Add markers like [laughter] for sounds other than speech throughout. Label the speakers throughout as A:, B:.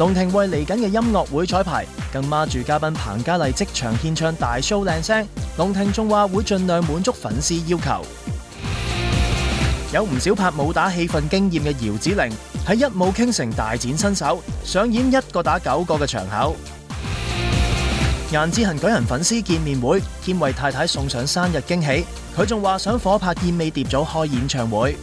A: 龍庭為嚟緊嘅音樂會彩排，更孖住嘉賓彭嘉麗即場獻唱大 show 靚聲。龍庭仲話會盡量滿足粉絲要求。 [noise] 有唔少拍武打戲份經驗嘅姚子羚，喺《一舞傾城》大展身手，上演一個打九個嘅場口。顏志恒舉行粉絲見面會，兼為太太送上生日驚喜。佢仲話想火拍《燕尾蝶》組開演唱會。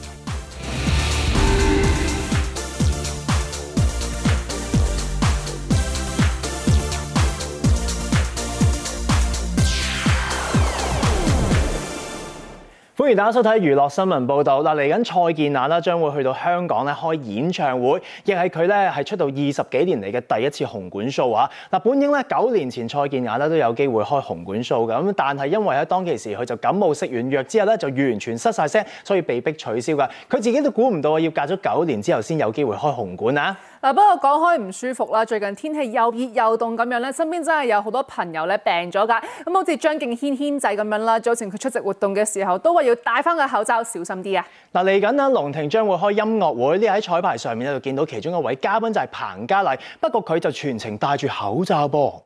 A: 歡迎大家收睇娛樂新聞報道。嗱，嚟緊蔡健雅啦，將會去到香港咧開演唱會，亦係佢咧係出道二十幾年嚟嘅第一次紅館 show 啊！嗱，本應咧九年前蔡健雅咧都有機會開紅館 show 嘅，咁但係因為喺當其時佢就感冒食完藥之後咧就完全失晒聲，所以被迫取消噶。佢自己都估唔到啊，要隔咗九年之後先有機會開紅館啊！
B: 不過講開唔舒服啦，最近天氣又熱又凍咁樣，身邊真係有好多朋友病咗㗎。咁好似張敬軒軒仔咁樣啦，早前佢出席活動嘅時候都話要戴翻個口罩，小心啲啊。
A: 嗱，嚟緊啦，龍庭將會開音樂會，呢喺彩排上面就見到其中一位嘉賓就係彭家麗，不過佢就全程戴住口罩噃。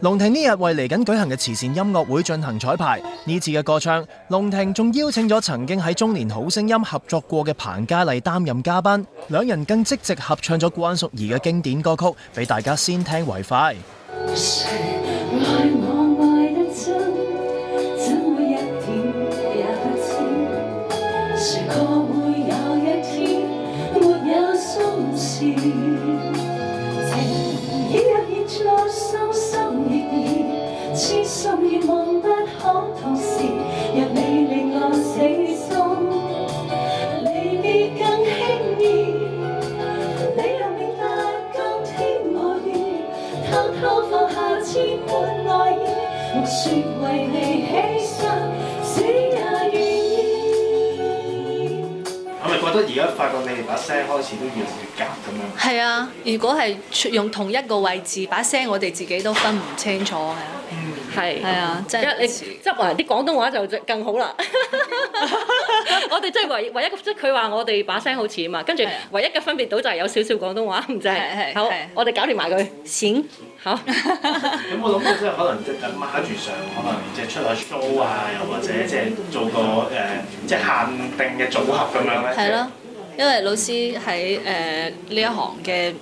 A: 龍庭呢日為嚟緊舉行嘅慈善音樂會進行彩排，呢次嘅歌唱，龍庭仲邀請咗曾經喺中年好聲音合作過嘅彭嘉麗擔任嘉賓，兩人更即席合唱咗關淑怡嘅經典歌曲，俾大家先聽為快。 [music] 而家發覺你哋把聲開始都越嚟越
C: 夾咁樣。係啊，如果係用同一個位置把聲，我哋自己都分唔清楚嘅。啊，係，係啊，即係一次。執埋啲廣東話就更好
D: 啦。我哋即係唯唯一，即係佢話我哋把聲好似啊嘛，跟住唯一嘅分別到就係有少少廣東話，唔就係。好，我哋搞掂埋佢。閃。好。
A: 咁我諗到，即係可能即係馬住上，可能即係出下 show 啊，又或者即係做個誒即係限定嘅組合咁樣咧。係咯。
C: 因為老師喺誒呢一行嘅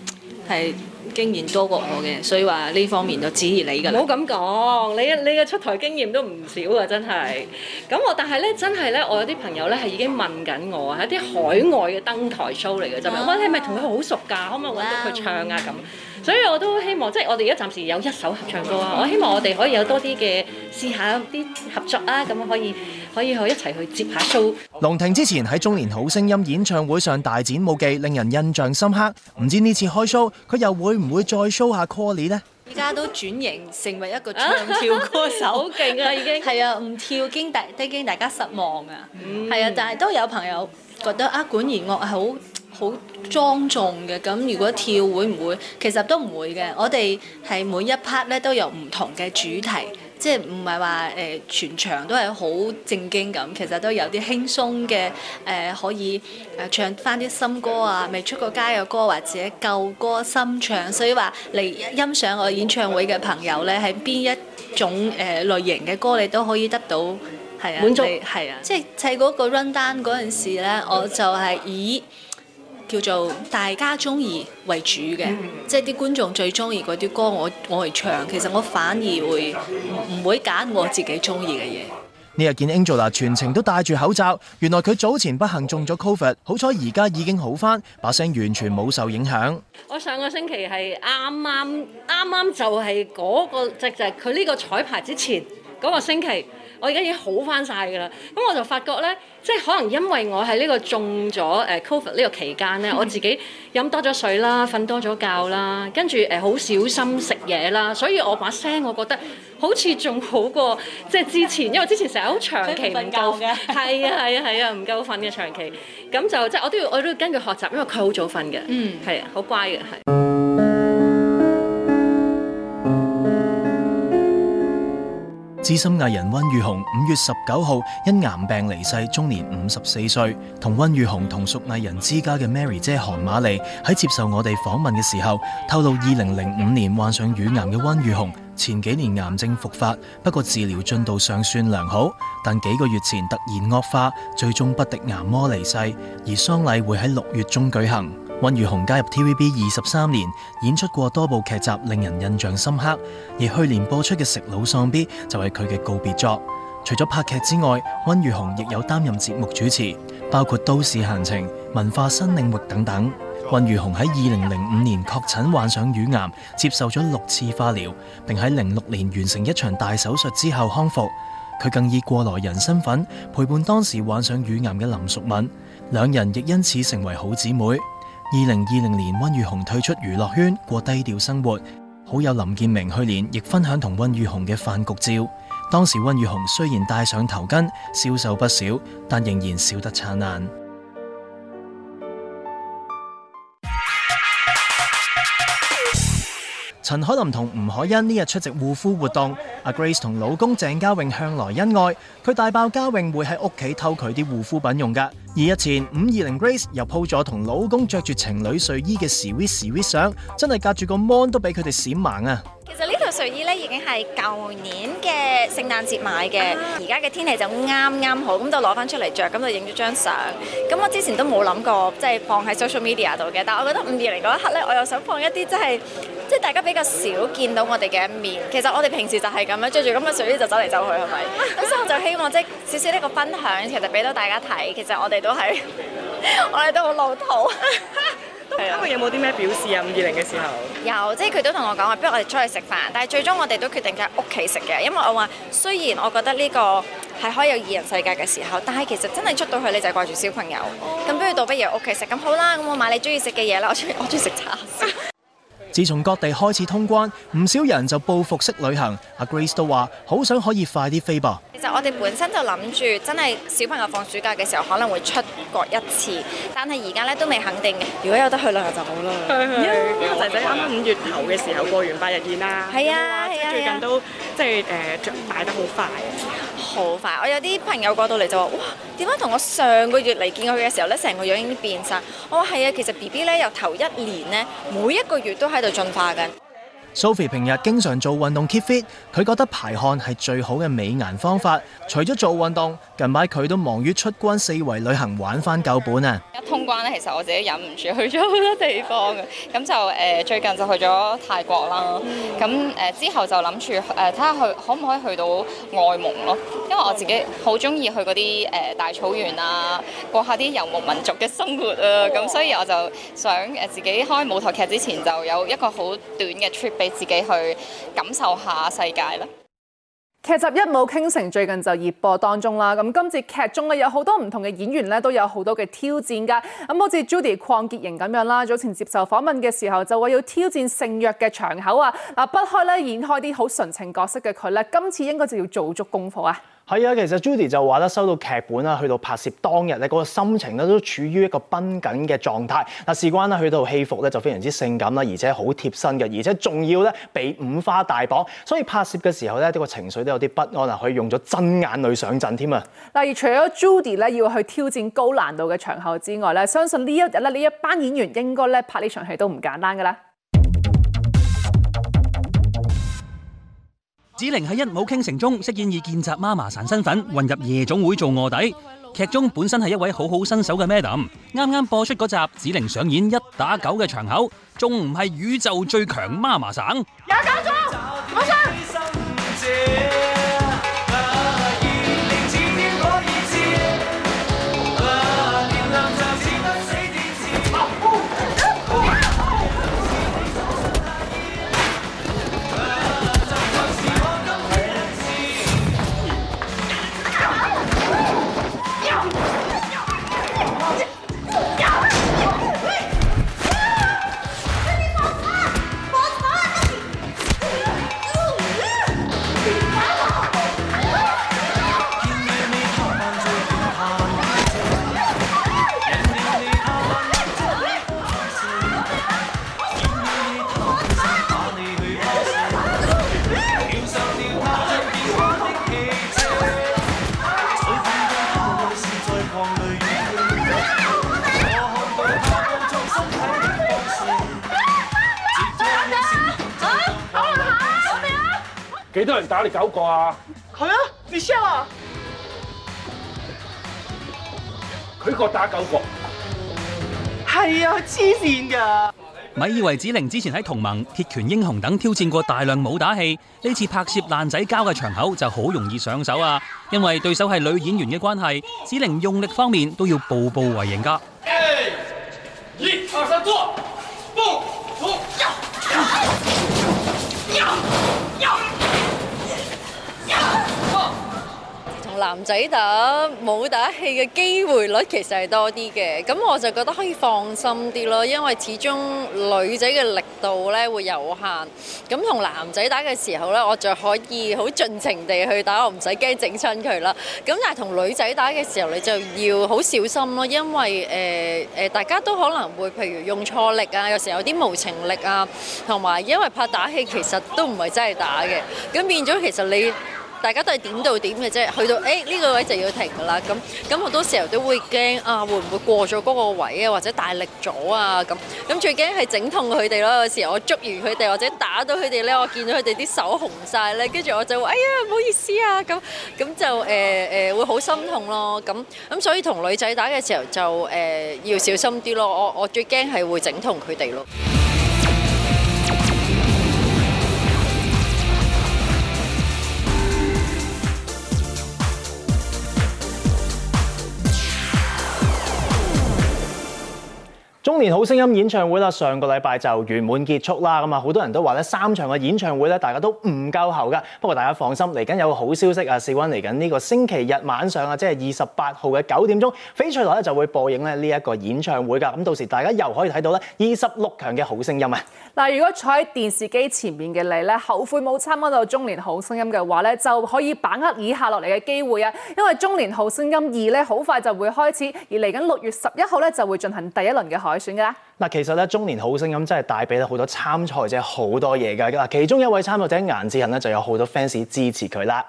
C: 係，經驗多過我嘅，所以話呢方面就指意你㗎啦。唔好咁講，你你嘅出台經驗都唔少啊，真係。咁我
D: 但係咧，真係咧，我有啲朋友咧係已經問緊我，係一啲海外嘅登台 show 嚟嘅啫。我係咪同佢好熟㗎，可唔可以揾到佢唱啊？咁，所以我都希望，即係我哋而家暫時有一首合唱歌啊。我希望我哋可以有多啲嘅試下啲合作啊，咁可以可以去一齊去接下
A: show。龍婷之前喺中年好聲音演唱會上大展武技，令人印象深刻。唔知呢次開 show，佢又會？會唔會再 show 下 Colin 咧？
C: 依家都轉型成為一個唱跳歌手，勁啊！已經係啊，唔跳經大都驚大家失望啊。係啊，但係都有朋友覺得啊，管弦樂係好好莊重嘅。咁如果跳會唔會？其實都唔會嘅。我哋係每一 part 咧都有唔同嘅主題。即係唔係話誒全場都係好正經咁，其實都有啲輕鬆嘅誒、呃，可以誒唱翻啲新歌啊，未出過街嘅歌或者舊歌新唱。所以話嚟欣賞我演唱會嘅朋友咧，喺邊一種誒、呃、類型嘅歌你都可以得到係啊滿足係啊。即係砌嗰個 run down 嗰陣時咧，我就係、是、以。咦叫做大家中意為主嘅，即係啲觀眾最中意嗰啲歌我，我我嚟唱。其實我反而會唔會揀我自己中意嘅嘢。
A: 呢日見 Angela 全程都戴住口罩，原來佢早前不幸中咗 COVID，好彩而家已經好返，把聲完全冇受影響。
D: 我上個星期係啱啱啱啱就係嗰個，就就係佢呢個彩排之前嗰個星期。我而家已經好翻晒㗎啦，咁我就發覺呢，即係可能因為我喺呢個中咗誒 Covid 呢個期間呢，嗯、我自己飲多咗水啦，瞓多咗覺啦，跟住誒好小心食嘢啦，所以我把聲我覺得好似仲好過即係、就是、之前，因為之前成日好長期唔夠嘅，係啊係啊係啊，唔、啊啊、夠瞓嘅長期，咁就即係我都要我都要跟佢學習，因為佢好早瞓嘅，嗯，係啊，好乖嘅係。
A: 資深藝人溫裕紅五月十九號因癌病離世，終年五十四歲。同溫裕紅同屬藝人之家嘅 Mary 姐韓瑪莉喺接受我哋訪問嘅時候，透露二零零五年患上乳癌嘅溫裕紅，前幾年癌症復發，不過治療進度尚算良好，但幾個月前突然惡化，最終不敵癌魔離世。而喪禮會喺六月中舉行。溫裕紅加入 TVB 二十三年，演出過多部劇集，令人印象深刻。而去年播出嘅《食腦喪 B》就係佢嘅告別作。除咗拍劇之外，溫裕紅亦有擔任節目主持，包括《都市閒情、文化新領域》等等。溫裕紅喺二零零五年確診患上乳癌，接受咗六次化療，並喺零六年完成一場大手術之後康復。佢更以過來人身份陪伴當時患上乳癌嘅林淑敏，兩人亦因此成為好姊妹。二零二零年，温裕紅退出娛樂圈過低調生活。好友林建明去年亦分享同温裕紅嘅飯局照，當時温裕紅雖然戴上頭巾，消瘦不少，但仍然笑得燦爛。陳凱琳同吳可欣呢日出席護膚活動，阿 Grace 同老公鄭嘉穎向來恩愛，佢大爆嘉穎會喺屋企偷佢啲護膚品用噶。而日前五二零 Grace 又 po 咗同老公着住情侶睡衣嘅 sweet sweet 相，真係隔住個 mon 都俾佢哋閃盲啊！
E: 睡衣咧已經係舊年嘅聖誕節買嘅，而家嘅天氣就啱啱好，咁就攞翻出嚟着，咁就影咗張相。咁我之前都冇諗過，即係放喺 social media 度嘅，但係我覺得五二零嗰一刻咧，我又想放一啲即係即係大家比較少見到我哋嘅一面。其實我哋平時就係咁樣着住咁嘅睡衣就走嚟走去，係咪？咁 [laughs] 所以我就希望即係少少呢個分享，其實俾到大家睇。其實我哋都係 [laughs] 我哋都好老土。 [laughs] 咁
F: 今日有冇啲咩表示啊？五二零
E: 嘅時候，有即係佢都同我講話，不如我哋出去食飯。但係最終我哋都決定喺屋企食嘅，因為我話雖然我覺得呢個係可以有二人世界嘅時候，但係其實真係出到去你就係掛住小朋友。咁不如倒不如屋企食咁好啦。咁我買你中意食嘅嘢啦。我中意我中意食茶。 [laughs]
A: 自從各地開始通關，唔少人就報復式旅行。阿 Grace 都話：好想可以快啲飛噃。
E: 其實我哋本身就諗住，真係小朋友放暑假嘅時候可能會出國一次，但係而家咧都未肯定嘅。如果有得去旅遊就好啦。係係，因為仔仔啱啱五月頭嘅時候過完八日宴啦，係啊，最近都即係誒著大得好快。好快！我有啲朋友過到嚟就話：哇，點解同我上個月嚟見佢嘅時候咧，成個樣已經變晒。」哦，我話係啊，其實 B B 咧由頭一年咧，每一個月都喺度進化嘅。
A: Sophie 平日經常做運動 keep fit。佢覺得排汗係最好嘅美顏方法，除咗做運動，近排佢都忙於出關四圍旅行，玩翻夠本啊！一
F: 通關咧，其實我自己忍唔住去咗好多地方啊！咁就誒、呃、最近就去咗泰國啦，咁誒、呃、之後就諗住誒睇下去可唔可以去到外蒙咯，因為我自己好中意去嗰啲誒大草原啊，過下啲游牧民族嘅生活啊，咁所以我就想誒自己開舞台劇之前就有一個好短嘅 trip 俾自己去感受下世界。
B: 劇集《一舞傾城》最近就熱播當中啦，咁今次劇中咧有好多唔同嘅演員咧都有好多嘅挑戰噶，咁好似 Judy 鄺潔瑩咁樣啦，早前接受訪問嘅時候就話要挑戰性虐嘅場口啊，嗱，不開咧演開啲好純情角色嘅佢咧，今次應該就要做足功課啊。
A: 係啊，其實 Judy 就話咧，收到劇本啦，去到拍攝當日咧，嗰個心情咧都處於一個繃緊嘅狀態。嗱，事關咧去到戲服咧就非常之性感啦，而且好貼身嘅，而且仲要咧畀五花大綁，所以拍攝嘅時候咧，呢個情緒都有啲不安啊，可以用咗真眼淚上陣添啊。
B: 嗱，而除咗 Judy 咧要去挑戰高難度嘅場口之外咧，相信呢一日咧呢一班演員應該咧拍呢場戲都唔簡單嘅啦。
G: 子玲喺《一舞傾城》中飾演以見習媽媽神身份混入夜總會做臥底，劇中本身係一位好好身手嘅 madam。啱啱播出嗰集，子玲上演一打九嘅場口，仲唔係宇宙最強媽媽省。
H: 有搞錯？冇錯。
G: 咪以為子玲之前喺同盟、鐵拳、英雄等挑戰過大量武打戲，呢次拍攝爛仔交嘅場口就好容易上手啊！因為對手係女演員嘅關係，子玲用力方面都要步步為營噶。
I: 男仔打冇打氣嘅機會率其實係多啲嘅，咁我就覺得可以放心啲咯，因為始終女仔嘅力度咧會有限，咁同男仔打嘅時候咧，我就可以好盡情地去打，我唔使驚整親佢啦。咁但係同女仔打嘅時候，你就要好小心咯，因為誒誒、呃呃，大家都可能會譬如用錯力啊，有時有啲無情力啊，同埋因為拍打戲其實都唔係真係打嘅，咁變咗其實你。大家都係點到點嘅啫，去到誒呢個位就要停噶啦，咁咁好多時候都會驚啊，會唔會過咗嗰個位啊，或者大力咗啊，咁咁最驚係整痛佢哋咯。有時我捉完佢哋或者打到佢哋咧，我見到佢哋啲手紅晒咧，跟住我就會哎呀唔好意思啊，咁咁就誒誒會好心痛咯。咁咁所以同女仔打嘅時候就誒要小心啲咯。我我最驚係會整痛佢哋咯。
A: 中年好聲音演唱會啦，上個禮拜就圓滿結束啦，咁啊好多人都話咧三場嘅演唱會咧，大家都唔夠喉噶。不過大家放心，嚟緊有個好消息啊，試問嚟緊呢個星期日晚上啊，即係二十八號嘅九點鐘，翡翠台咧就會播映咧呢一個演唱會噶。咁到時大家又可以睇到咧二十六強嘅好聲音啊。
B: 嗱，如果坐喺電視機前面嘅你咧，後悔冇參加到中年好聲音嘅話咧，就可以把握以下落嚟嘅機會啊，因為中年好聲音二咧好快就會開始，而嚟緊六月十一號咧就會進行第一輪嘅海。改選
A: 嘅咧，嗱，其實咧中年好聲音真係帶俾咗好多參賽者好多嘢噶。嗱，其中一位參賽者顏志
G: 恒咧就有好多 fans 支持佢啦。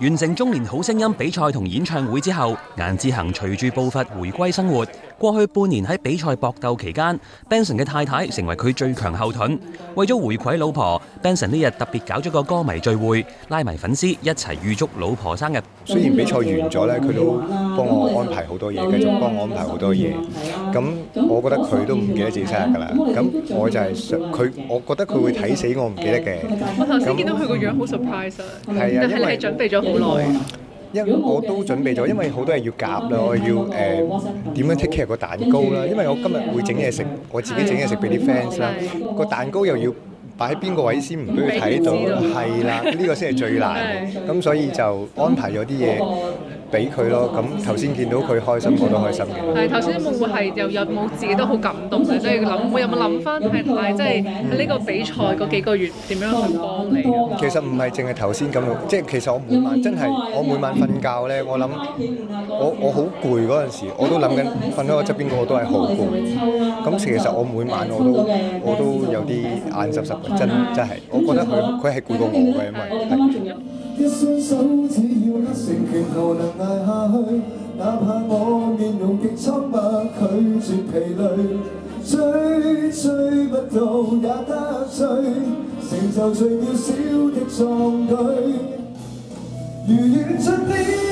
G: 完成中年好聲音比賽同演唱會之後，顏志恒隨住步伐回歸生活。過去半年喺比賽搏鬥期間，Benson 嘅太太成為佢最強後盾。為咗回饋老婆，Benson 呢日特別搞咗個歌迷聚會，拉埋粉絲一齊預祝老婆生日。雖然比賽完咗
J: 咧，佢都幫我安排好多嘢，繼續幫我安排好多嘢。咁我覺得佢都唔記得自己生日㗎啦。咁我就係想佢，我覺得佢會睇死我唔記得嘅。我頭先見到佢
B: 個樣好 surprise、嗯、啊！係啊，但係你係準備咗好耐。
J: 因我都準備咗，因為好多嘢要夾我要誒點、呃、樣 take care 個蛋糕啦。後因為我今日會整嘢食，我自己整嘢食俾啲 fans 啦。個的蛋糕又要擺喺邊個位先唔俾佢睇到？係啦，呢、這個先係最難。咁 [laughs] 所，、嗯、所以就安排咗啲嘢。俾佢咯，咁頭先見到佢開心，我都開心嘅。係頭先
B: 會唔會係又有冇自己都好感動咧？即係諗，我有冇諗翻係咪即係呢個比賽嗰幾個月點樣去
J: 幫你？其實唔係淨係頭先咁，嗯、即係其實我每晚真係我每晚瞓覺咧，我諗我我好攰嗰陣時，我都諗緊瞓喺我側邊嗰個都係好攰。咁其實我每晚我都我都有啲眼濕濕，真真係我覺得佢佢係攰到我嘅，因為對一雙手，只要握成拳頭，能挨下去。哪怕我面容極蒼白，拒絕疲累。追，追不到也得追，成就最渺小的壯舉。如願出的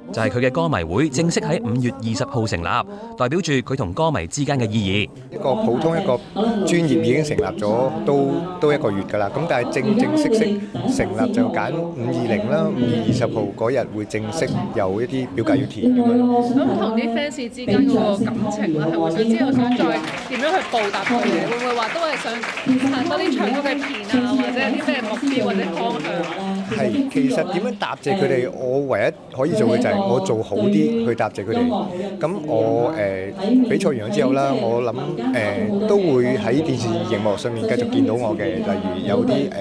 G: 就係佢嘅歌迷會正式喺五月二十號成立，代表住佢同歌迷之間嘅意義。一個普
J: 通一個專業已經成立咗，都都一個月㗎啦。咁但係正正式式成立就揀五二零啦，五月二十號嗰日會正式有一啲表格要填嘅。
B: 咁同啲 fans 之間嗰個感情啦，係話想知，我想再點樣去報答佢哋？會唔會話都係想拍多啲唱歌嘅片啊？或者有啲咩目標或者方向咧？
J: 係，其實點樣答謝佢哋，我唯一可以做嘅就係。我做好啲去答謝佢哋。咁我誒比賽完咗之後啦，我諗誒都會喺電視熒幕上面繼續見到我嘅。例如有啲誒，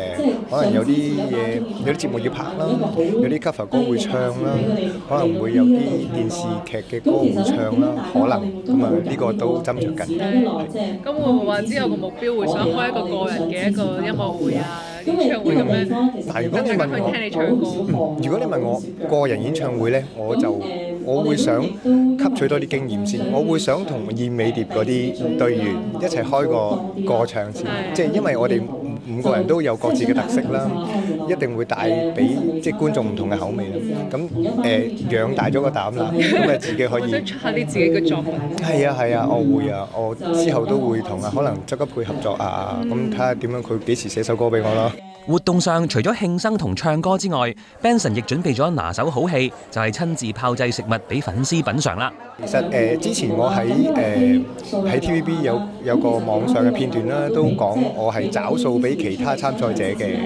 J: 可能有啲嘢，有啲節目要拍啦，有啲 cover 歌會唱啦，可能會有啲電視劇嘅歌會唱啦，可能啊呢個都跟著緊嘅。咁會唔會話之後個目標會想開一個個人嘅一個音
B: 樂會啊？演唱會咁樣，嗯、但係如果你問我、嗯，
J: 如果你問我個人演唱會呢，我就我會想吸取多啲經驗先，我會想同燕尾蝶嗰啲隊員一齊開個個唱先，對 即係因為我哋。五個人都有各自嘅特色啦，一定會帶俾即係觀眾唔同嘅口味啦。咁誒、呃、養大咗個膽啦，咁啊 [laughs] 自己可以出下
B: 啲自己嘅作
J: 品。係啊係啊，我會啊，我之後都會同啊，可能即刻配合作啊，咁
G: 睇下點樣佢幾時寫首歌畀我啦。活動上除咗慶生同唱歌之外，Benson 亦準備咗拿手好戲，就係親自炮製食物俾粉絲品嚐啦。其實誒，
J: 之前我喺誒喺 TVB
G: 有有個
J: 網上嘅片段啦，都講我係找數俾其他參賽者嘅，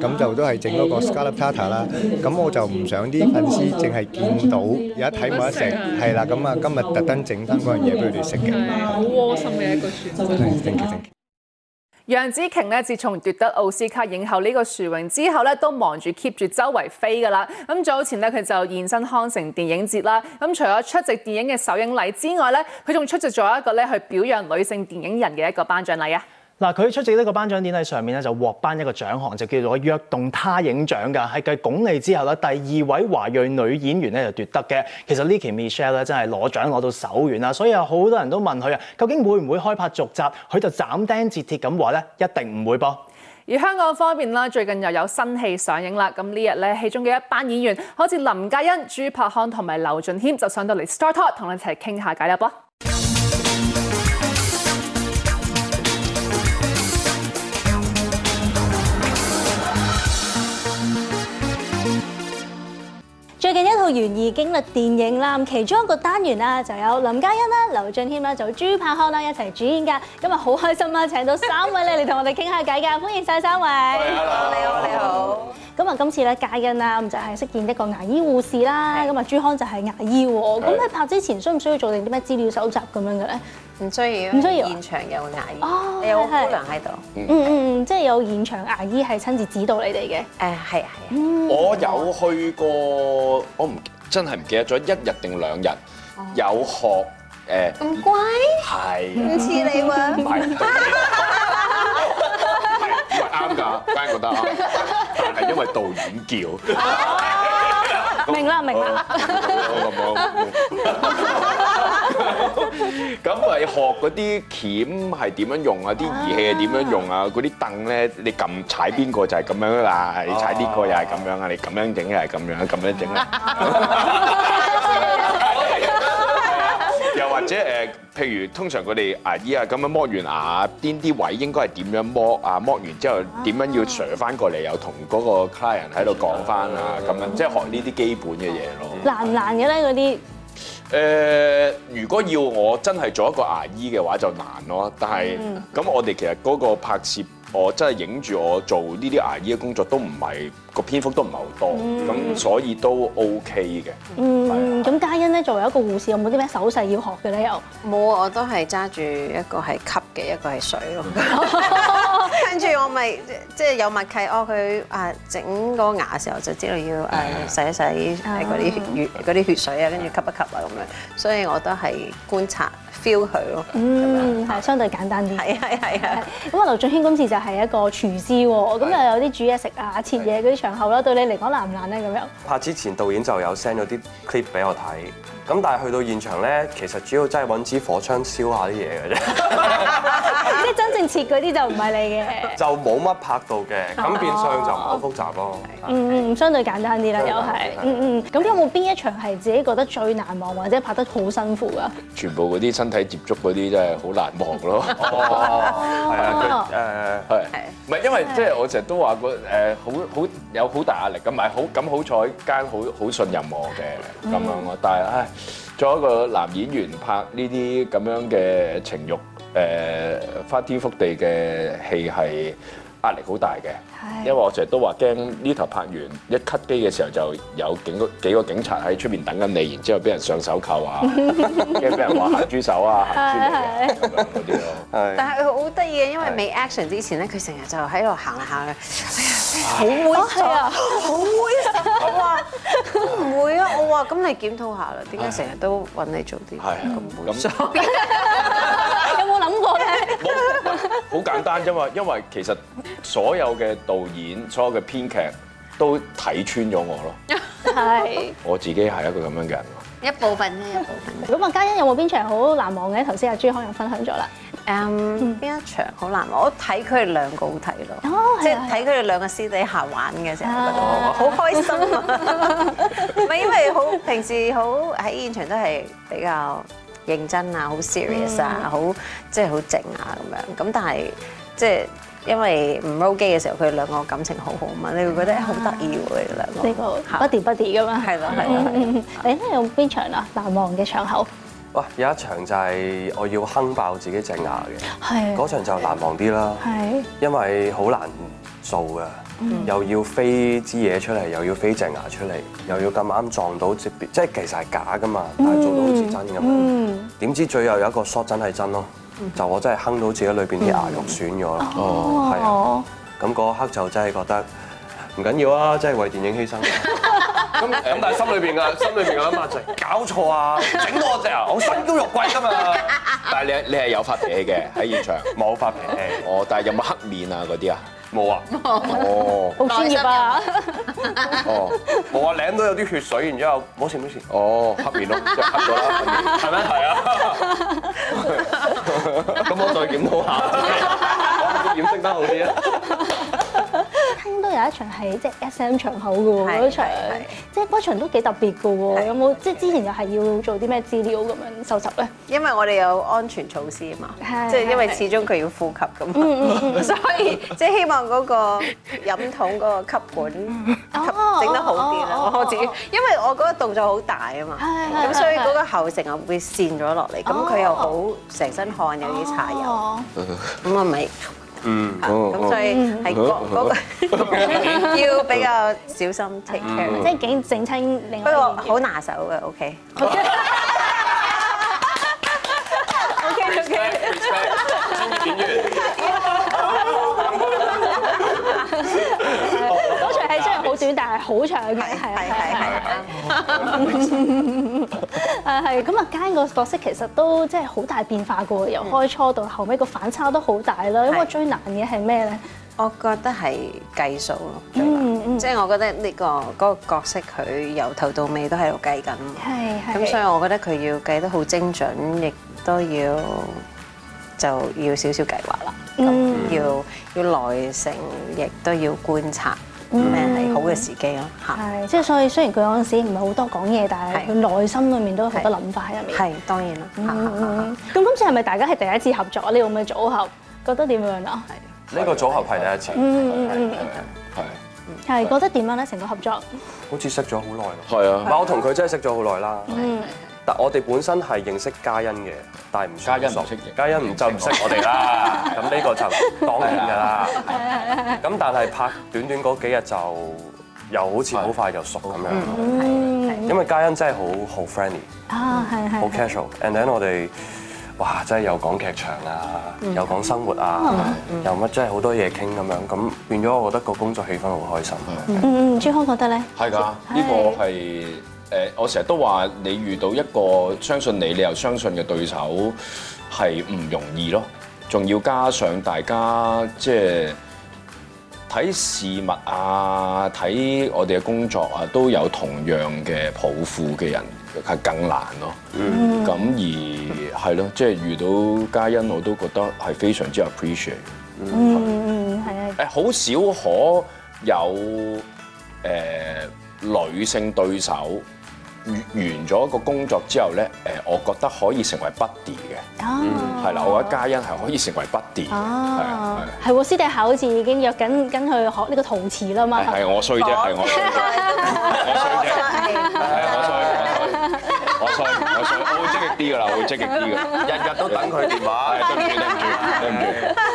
J: 咁就都係整嗰個 scallop tartar 啦。咁我就唔想啲粉絲淨係見到，有一睇冇得食，係啦。咁啊，今日特登整翻嗰樣嘢俾佢哋食
B: 嘅，好窩心嘅一個選擇。楊紫瓊自從奪得奧斯卡影后呢個殊榮之後都忙住 keep 住周圍飛㗎喇。咁早前咧，佢就現身康城電影節啦。咁除咗出席電影嘅首映禮之外咧，佢仲出席咗一個去表揚女性電影人嘅一個頒獎禮。
A: 嗱，佢出席呢個頒獎典禮上面咧，就獲頒一個獎項，就叫做《躍動她影獎》噶，係繼鞏俐之後咧第二位華裔女演員咧就奪得嘅。其實呢期 Michelle 咧真係攞獎攞到手軟啦，所以有好多人都問佢啊，究竟會唔會開拍續集？佢就斬釘截鐵咁話咧，一定唔會噃。
B: 而香港方面咧，最近又有新戲上映啦。咁呢日咧，戲中嘅一班演員，好似林嘉欣、朱柏康同埋劉俊謙，就上到嚟 Star Talk 同你一齊傾下偈噃。
H: 懸疑驚慄電影啦，咁其中一個單元啊，就有林嘉欣啦、劉俊謙啦，就朱柏康啦一齊主演噶，咁啊好開心啊，請到三位咧嚟,同我哋傾下偈噶，歡迎晒三位。Hello，你好，你好。咁啊好，今好次咧，嘉欣啊，咁就係飾演一個牙醫護士啦，咁啊是，朱康就係牙醫喎，咁喺是拍之前，需唔需要做定啲咩資料搜集咁樣嘅咧？唔 [music] 需要，需要現場有牙醫、oh，有姑娘喺度，嗯嗯，即係有現場牙醫係親自指導你哋嘅。誒係係，
K: 我有去過，我唔真係唔記得咗，一日定兩日有學誒。咁乖？係。唔似你喎。唔係。係啱㗎，家姐覺得啊，但係因為導演叫。 [laughs]
H: 明啦明啦，
K: 好唔好？咁咪學嗰啲鉗係點樣用啊？啲儀器係點樣用啊？嗰啲凳咧，你撳踩邊個就係咁樣啦，你踩呢個又係咁樣啊，你咁樣整又係咁樣，咁樣整啊！ [laughs] [laughs] 即係誒，譬如通常佢哋牙醫啊咁樣磨完牙，邊啲位應該係點樣磨？啊，磨完之後點樣要 share 翻過嚟？又同嗰個 client 喺度講翻啊，咁樣即係學呢啲基本嘅嘢咯。
H: 難唔難嘅咧？嗰啲
K: 誒，如果要我真係做一個牙醫嘅話，就難咯。但係咁，我哋其實嗰個拍攝。我真係影住我做呢啲牙醫嘅工作都唔係，個篇幅都唔係好多，咁、嗯、所以都 OK 嘅。
H: 嗯，咁嘉欣咧作為一個護士，有冇啲咩手勢要學嘅咧？又冇啊，我都係揸住一個係吸嘅，一個係水咯。 [laughs]
L: 跟 [laughs] 住我咪即係有默契，我佢誒整個牙時候，就知道要誒洗一洗，嗰啲血、啲血水啊，跟住的吸一吸啊咁樣。所以我都係
H: 觀察 feel 佢咯。嗯，係相對簡單啲。係係係啊！咁啊，劉俊謙今次就係一個廚師喎，咁又的有啲煮嘢食啊、切嘢嗰啲場合啦，對你嚟講難唔難咧？咁樣？
M: 拍之前導演就有 send 咗啲 clip 俾我睇。咁但係去到現場咧，其實主要真係揾支火槍燒下啲嘢嘅啫。
H: 即係真正切嗰啲就唔係你嘅，
M: 就冇乜拍到嘅。咁變相就唔係好複雜咯。嗯、哦、
H: 嗯，相對簡單啲啦，又係。嗯嗯。咁有冇邊一場係自己覺得最難忘或者拍得好辛苦啊？
K: 全部嗰啲身體接觸嗰啲真係好難忘咯。哦，係啊、哦，誒係。唔係對因為即係我成日都話過誒，好好有好大壓力咁。唔係好咁好彩間好好信任我嘅咁樣咯。但係唉。作為一個男演員拍呢啲咁樣嘅情欲誒翻天覆地嘅戲係。壓力好大嘅，因為我成日都話驚呢頭拍完一 cut 機嘅時候就有警幾個警察喺出邊等緊你，然之後俾人上手扣啊，驚俾人話鹹豬手啊，嗰啲咯。但
L: 係好得意嘅，因為未 action 之前咧，佢成日就喺度行嚟行去，好悶啊，好悶啊。我話都唔會啊，我話咁你檢討下啦，點解成日
K: 都揾你做啲咁猥瑣嘅？
H: 有冇諗過咧？冇，
K: 好簡單，因為因為其實。所有嘅導演、所有嘅編劇都睇穿咗我咯，係我自己係一個咁樣嘅人咯，
H: [laughs] 一部分啫，一部分。 [laughs] 咁麥嘉欣有冇邊場好難忘嘅？頭先阿朱康又分享咗啦，誒、嗯、邊一場好難忘？我睇佢哋
L: 兩個好睇咯，哦，即係睇佢哋兩個私底下玩嘅時候，覺得好開心，啊。 [laughs] 唔係因為好平時好喺現場都係比較認真啊，好 serious 啊，好即係好靜啊咁樣。咁但係即係，就是 [music] 因為唔 roll 機嘅時候，佢兩個感情好好啊嘛，你會覺得好得意
H: 喎，你是兩個。呢個不跌不跌噶嘛。係啦係啦。嗯，你有邊場難難忘嘅場
L: 口？哇！有一
M: 場就係我要哼爆自己隻牙嘅，係嗰場就難忘啲啦。
H: 係嗎？
M: 因為好難做啊，又要飛支嘢出嚟，又要飛隻牙出嚟，又要咁啱撞到，即係其實係假噶嘛，但係做到好似真咁。嗯。點知最後有一個 shot 真係真咯～就我真係哼到自己裏邊啲牙肉損咗哦，係啊，咁嗰刻就真係覺得唔緊要啊，真係為電影犧牲。咁
L: 咁但
K: 係心裏邊噶，心裏邊嗰啲諗法就係搞錯啊，整到我隻啊，我身嬌肉貴噶嘛。但係你你係有發脾氣嘅喺現場？冇發脾氣。哦，但係有冇黑面啊嗰啲啊？冇、 [laughs] 哦、啊。 [laughs] 哦。好
H: 專業啊。哦，
K: 冇
M: 啊，舐到有啲血水，然之後冇事冇事。哦，黑面咯、啊，就是、黑咗啦，
H: 係咪嗎啊？係啊。
M: 咁 [laughs] 我再檢討
F: 下，
M: 掩飾得好
L: 啲啊！ [laughs]
H: 第一場係即係 S M 場口嘅喎，嗰場即係嗰場都幾特別嘅喎。有冇即係之前又係要做啲咩資料咁樣收集咧？
L: 因為我哋有安全措施啊嘛，即係因為始終佢要呼吸咁，所以即係希望嗰個飲桶嗰個吸管吸整得好啲啦。我自己，因為我嗰個動作好大啊嘛，咁所以嗰個喉成日會跣咗落嚟，咁佢又好成身汗有啲茶油，咁咪。嗯，咁所以係嗰個要比較小心 take care，即係整整親另外一個好拿手嘅，OK。
H: 好長嘅係係係係啊！啊係咁啊，嘉欣個角色其實都即係好大變化嘅，由開初到後尾個反差都好大啦。因為最難嘅係咩咧？我覺得係
L: 計數咯。即係 [music] 我覺得呢、這個嗰、那個、角色佢由頭到尾都喺度計緊
H: 對。係係的。咁所以
L: 我覺得佢要計得好精準，亦都要就要少少計劃啦。嗯
H: 要。要
L: 要耐性，亦都要觀察。咩係好嘅時機
H: 咯嚇，係即係所以雖然佢嗰陣時唔係好多講嘢，但係佢內心裡面都有好多諗法喺入面，係當然啦。嗯嗯嗯，咁今次係咪大家係第一次合作啊？呢個嘅組合覺得點樣啊？係
M: 呢個組合係第一次，嗯
H: 嗯嗯，係係覺得點樣咧？成個合作
M: 好似識咗好耐咯，係啊的，唔係的我同佢真係識咗好耐啦。但我哋本身係認識嘉欣嘅，但係唔熟。嘉欣唔就唔識我哋啦。咁呢個就當然㗎啦。咁但係拍短短嗰幾日就又好似好快就熟咁樣。
H: 因為
M: 嘉欣真係好好 friendly 啊，係係好 casual。And then 我哋哇真係又講劇場啊，又講生活啊，又乜真係好多嘢
K: 傾咁樣。咁變咗我覺得個工作氣氛好開心。嗯
H: 嗯，朱康覺得咧？
K: 係㗎，呢個係。誒，我成日都話你遇到一個相信你，你又相信嘅對手係唔容易咯，仲要加上大家即係睇事物啊，睇我哋嘅工作啊，都有同樣嘅抱負嘅人，係更難咯。咁、嗯、而係咯，即係遇到嘉欣，我都覺得係非常之 appreciate。嗯，係係誒，好少可有誒、呃、女性對手。完咗一個工作之後咧，誒，我覺得可以成為 buddy 嘅，係啦、嗯，我覺得嘉欣係可以成為 buddy 嘅，
H: 係啊、哦，係師弟考好似已經約緊緊去學呢個陶瓷啦嘛，
K: 係我衰啫，係我衰，我衰，我衰嘅，係我衰，我衰，我衰，我會積極啲噶啦，我會積極啲嘅，日日都等佢電話，對唔住，對唔住，對唔住。對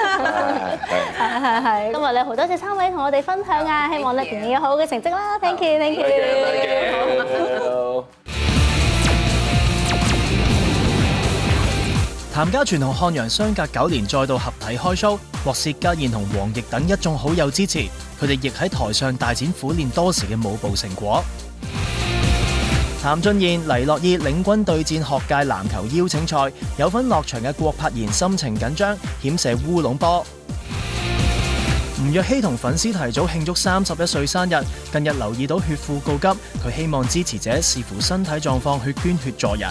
H: 係係係，今日你好多謝三位同我哋分享啊！好希望你哋有好嘅成績啦，thank you，thank
K: you。你好，你好。
A: 譚家全同漢陽相隔九年再度合體開 show，獲薛家燕同黃奕等一眾好友支持。佢哋亦喺台上大展苦練多時嘅舞步成果。 [laughs] 譚俊彥、黎諾懿領軍對戰學界籃球邀請賽，有份落場嘅郭柏然心情緊張，險射烏龍波。吳若希同粉絲提早慶祝三十一歲生日，近日留意到血庫告急，佢希望支持者視乎身體狀況去捐血助人。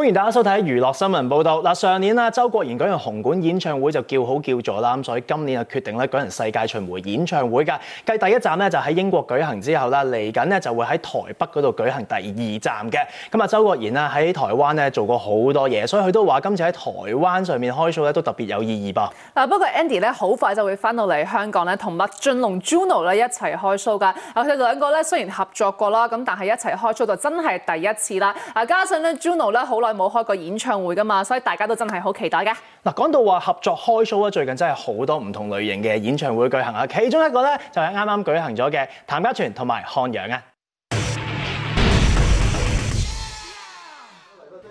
A: 歡迎大家收睇娛樂新聞報道。嗱、啊，上年啊，周國賢舉行紅館演唱會就叫好叫座啦，咁所以今年就決定咧舉行世界巡迴演唱會㗎。計第一站咧就喺英國舉行之後啦，嚟緊咧就會喺台北嗰度舉行第二站嘅。咁啊，周國賢啊喺台灣咧做過好多嘢，所以佢都話今次喺台灣上面開 show 咧都特別有意義噃。
B: 嗱、啊，不過 Andy 咧好快就會返到嚟香港咧，同麥浚龍 Juno 咧一齊開 show 㗎。佢、啊、哋兩個咧雖然合作過啦，咁但係一齊開 show 就真係第一次啦。嗱、啊，加上咧 Juno 咧好耐。冇開過演唱會噶嘛，所以大家都真係好期待嘅。嗱，講到話合
A: 作開 show 咧，最近真係好多唔同類型嘅演唱會舉行啊！其中一個咧就係啱啱舉行咗嘅譚家傳同埋漢陽啊！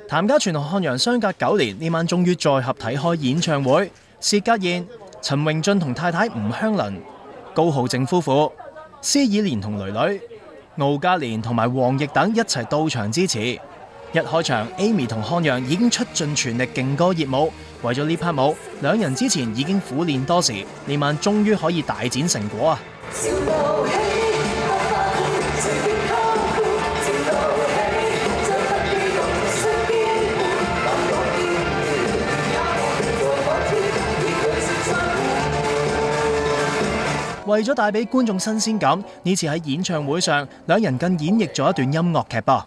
A: 譚家傳同漢陽相隔九年，呢晚終於再合體開演唱會。薛家燕、陳榮俊同太太吳香倫、高浩正夫婦、施以蓮同囡囡、敖嘉年同埋黃奕等一齊到場支持。一開場，Amy 同康洋已經出盡全力勁歌熱舞，為咗呢 part 舞，兩人之前已經苦練多時，呢晚終於可以大展成果啊！為咗帶俾觀眾新鮮感，呢次喺演唱會上，兩人更演繹咗一段音樂劇噃。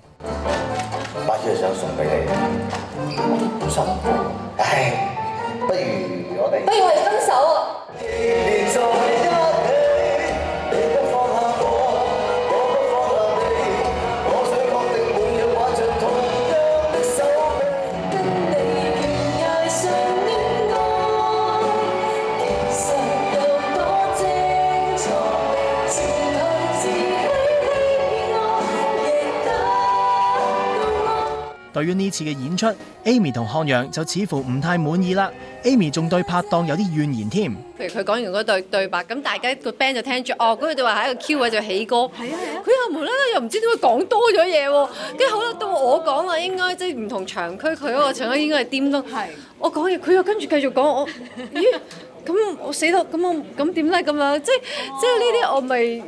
A: 對於呢次嘅演出，Amy 同漢陽就似乎唔太滿意啦。Amy 仲對拍檔有啲怨言添。
N: 譬如佢講完嗰對對白，咁大家個 band 就聽住哦，嗰對話喺個 Q 位就起歌，係啊係啊。佢又無啦啦，又唔知點解講多咗嘢喎。跟住好啦，到我講啦，應該即係唔同場區佢哦，場區應該係掂咯。係，我講嘢，佢又跟住繼續講我。咦？咁我死咯，咁我咁點咧？咁樣即係即係呢啲，我咪。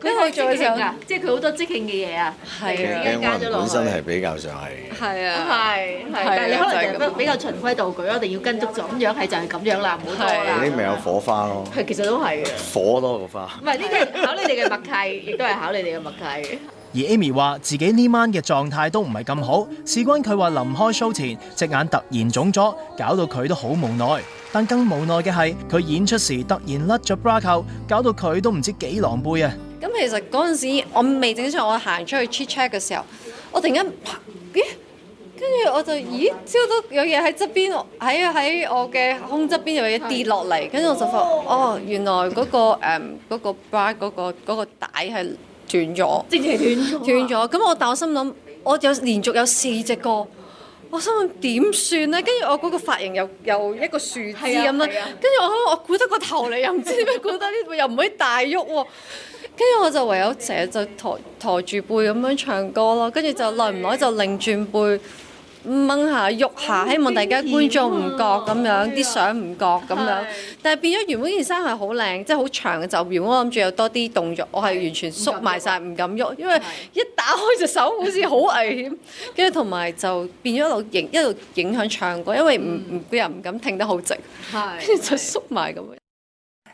N: 佢可以做上嘢㗎，即係
I: 佢好多即興嘅嘢啊，已經加咗落去。本身
O: 係比較上係
I: 係啊係，但係你可能比較循規蹈矩，一定要跟足做，咁樣係就係咁樣啦，冇錯啦。你啲
A: 咪有火花咯？係
I: 其實都係嘅，
A: 火多過花。唔
I: 係呢啲係考你哋嘅默契，亦都係考你哋嘅默契。
A: 而 Amy 話自己呢晚嘅狀態都唔係咁好，事關佢話臨開 show 前隻眼突然腫咗，搞到佢都好無奈。但更無奈嘅係佢演出時突然甩咗 bra 後，搞到佢都唔知幾狼狽啊！
N: 咁其實嗰陣時我未整出，我行出去 check check 嘅時候，我突然間咦，跟住我就咦，超多有嘢喺側邊，喺喺我嘅胸側邊有嘢跌落嚟，跟住的我就發、oh, 哦，原來嗰、嗰個誒、um, bra 嗰、嗰個嗰、嗰個帶係。斷咗，直情斷咗、啊。 [laughs] 斷咗咁我，但我心諗，我有連續有四隻歌，我心諗點算呢？跟住我嗰個髮型又又一個樹枝咁啦，跟住、啊啊、我我顧得個頭你、這個、 [laughs] 又唔知點樣顧得呢度，又唔可以大喐喎。跟住我就唯有成日就抬抬住背咁樣唱歌咯，跟住就耐唔耐就擰轉背。掹下喐下，希望大家觀眾唔覺咁樣，啲相唔覺咁樣。但係變咗原本件衫係好靚，即係好長嘅。就原本我諗住有多啲動作，的我係完全縮埋晒唔敢喐，因為一打開隻手好似好危險。跟住同埋就變咗一路影一路影響唱歌，因為唔唔啲人唔敢聽得好直，
B: 跟住的就縮埋咁樣。的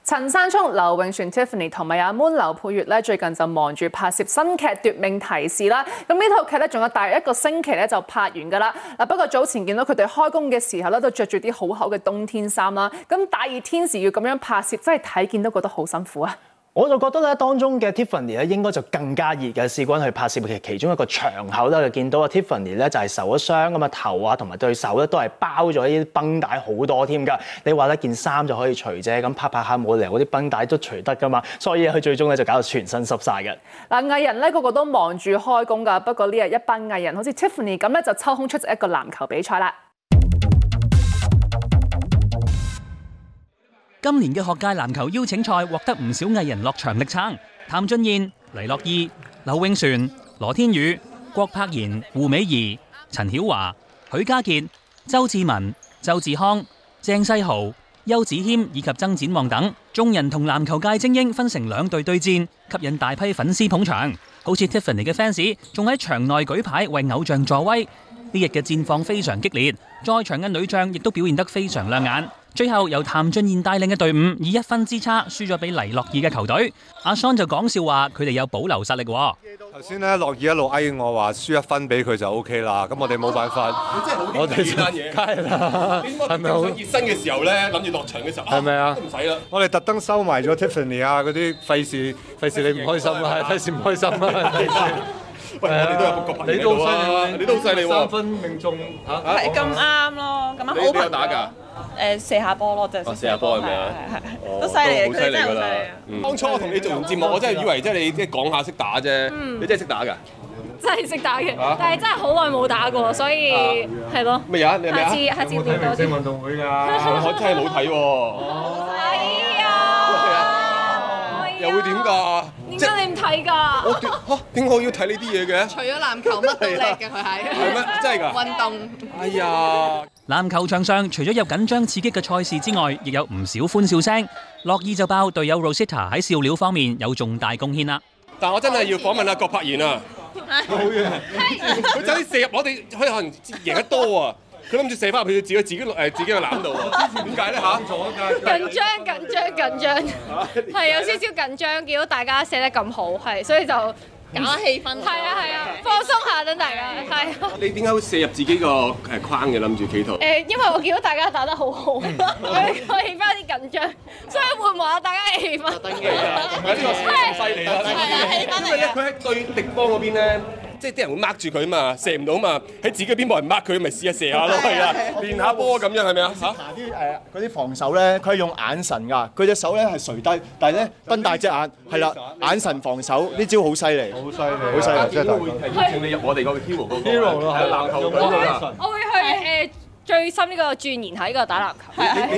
B: 陳山聰、劉永璇、Tiffany 同埋阿 Moon、劉佩玥咧，最近就忙住拍攝新劇《奪命提示》啦。咁呢套劇咧，仲有大約一個星期咧就拍完㗎喇。嗱，不過早前見到佢哋開工嘅時候咧，都着住啲好厚嘅冬天衫啦。咁大熱天時要咁樣拍攝，真係睇見都覺得好辛苦啊！
A: 我就覺得咧，當中嘅 Tiffany 咧應該就更加熱嘅，事關去拍攝其其中一個場口咧，就見到啊 Tiffany 咧就係、是、受咗傷咁，啊頭啊同埋對手咧都係包咗啲繃帶好多添㗎。你話一件衫就可以除啫，咁拍拍下冇理由嗰啲繃帶都除得㗎嘛。所以佢最終咧就搞到全身濕晒嘅。
B: 嗱、呃、藝人咧個個都忙住開工㗎，不過呢日一班藝人好似 Tiffany 咁咧就抽空出席一個籃球比賽啦。
G: 今年嘅學界籃球邀請賽獲得唔少藝人落場力撐，譚俊彥、黎諾懿、劉永璇、羅天宇、郭柏妍、胡美儀、陳曉華、許家傑、周志文、周志康、鄭西豪、邱子謙以及曾展望等，眾人同籃球界精英分成兩隊對戰，吸引大批粉絲捧場。好似 Tiffany 嘅 fans 仲喺場內舉牌為偶像助威。呢日嘅戰況非常激烈，在場嘅女將亦都表現得非常亮眼。最後由譚俊彥帶領嘅隊伍以一分之差輸咗俾黎諾懿嘅球隊，阿 Son 就講笑話佢哋有保留實力。
J: 頭先咧，諾懿一路哎我話輸一分俾佢就 OK 啦，咁我哋冇辦法。啊、好，我哋呢單嘢係咪好？熱身嘅時候咧，諗住落
G: 場嘅時候係
M: 咪啊？唔
P: 使啦，
J: 我哋特登收埋咗 Tiffany 啊嗰啲，費事費事你唔開心啊，費事唔開心啊。你
M: 都
P: 你好犀利，
M: 三分命中
H: 吓吓。係
C: 咁啱咯，咁啱好。打噶？誒射下波咯，即
H: 係射下波係咪啊？係係，都犀利，佢真犀利嘅。當
M: 初我同你做完節目，我真係以為即係你即係講下識打啫。你真係識打㗎？真
D: 係識打嘅，但係真係好耐冇打過，所以係咯。
M: 咪呀，你咩啊？冇睇明星運動會㗎，我真係冇睇喎。哎呀！又會點㗎？點
B: 解你唔睇㗎？吓，
G: 點解我要睇呢啲嘢嘅？
B: 除咗籃球，乜都叻㗎，佢係。係咩？真係㗎？運動。
P: 哎
N: 呀！
G: 籃球場上除咗有緊張刺激嘅賽事之外，亦有唔少歡笑聲，樂意就爆隊友 Rosita 喺笑料方面有重大貢獻啦。
M: 但我真係要訪問阿郭柏賢啊，
H: 佢好遠，佢就射入
M: 我哋，可能贏得多啊，佢諗住射翻入佢自己自己誒自己嘅籃度啊？點解咧嚇？
P: 緊
I: 張緊張緊張，係有少少緊張，見到大家射得咁好，係所以就。搞氣氛係啊係啊，啊啊放鬆下等大家係啊。
F: 啊你
M: 點解會射入自己個誒框嘅諗住企圖？
F: 誒，因為我見到大家打得好好，佢個 [laughs] [laughs] 氣氛有啲緊張，所以緩和下大家嘅氣氛。真
A: 嘅，係、 [laughs] 啊、呢個係犀利啦！氣氛嚟。
M: 因為咧，佢喺對敵方嗰邊咧。即係啲人會掹住佢啊嘛，射唔到啊嘛，喺自己邊部人掹佢，咪試下射
A: 下咯，變下波
M: 咁樣係咪啊？
J: 啲誒、啊，啲、啊呃、
A: 防守咧，佢用眼神㗎，佢隻手咧係垂低，但係咧瞪大隻眼，係啦、啊，眼神防守呢招好犀利，好犀利，好犀
K: 利，啊啊、真
M: 係
A: 的！我會邀請你入我哋個
D: hero 嗰個，係籃球嗰度我會去誒、呃、最深呢個鑽研喺呢個打籃球。係啊，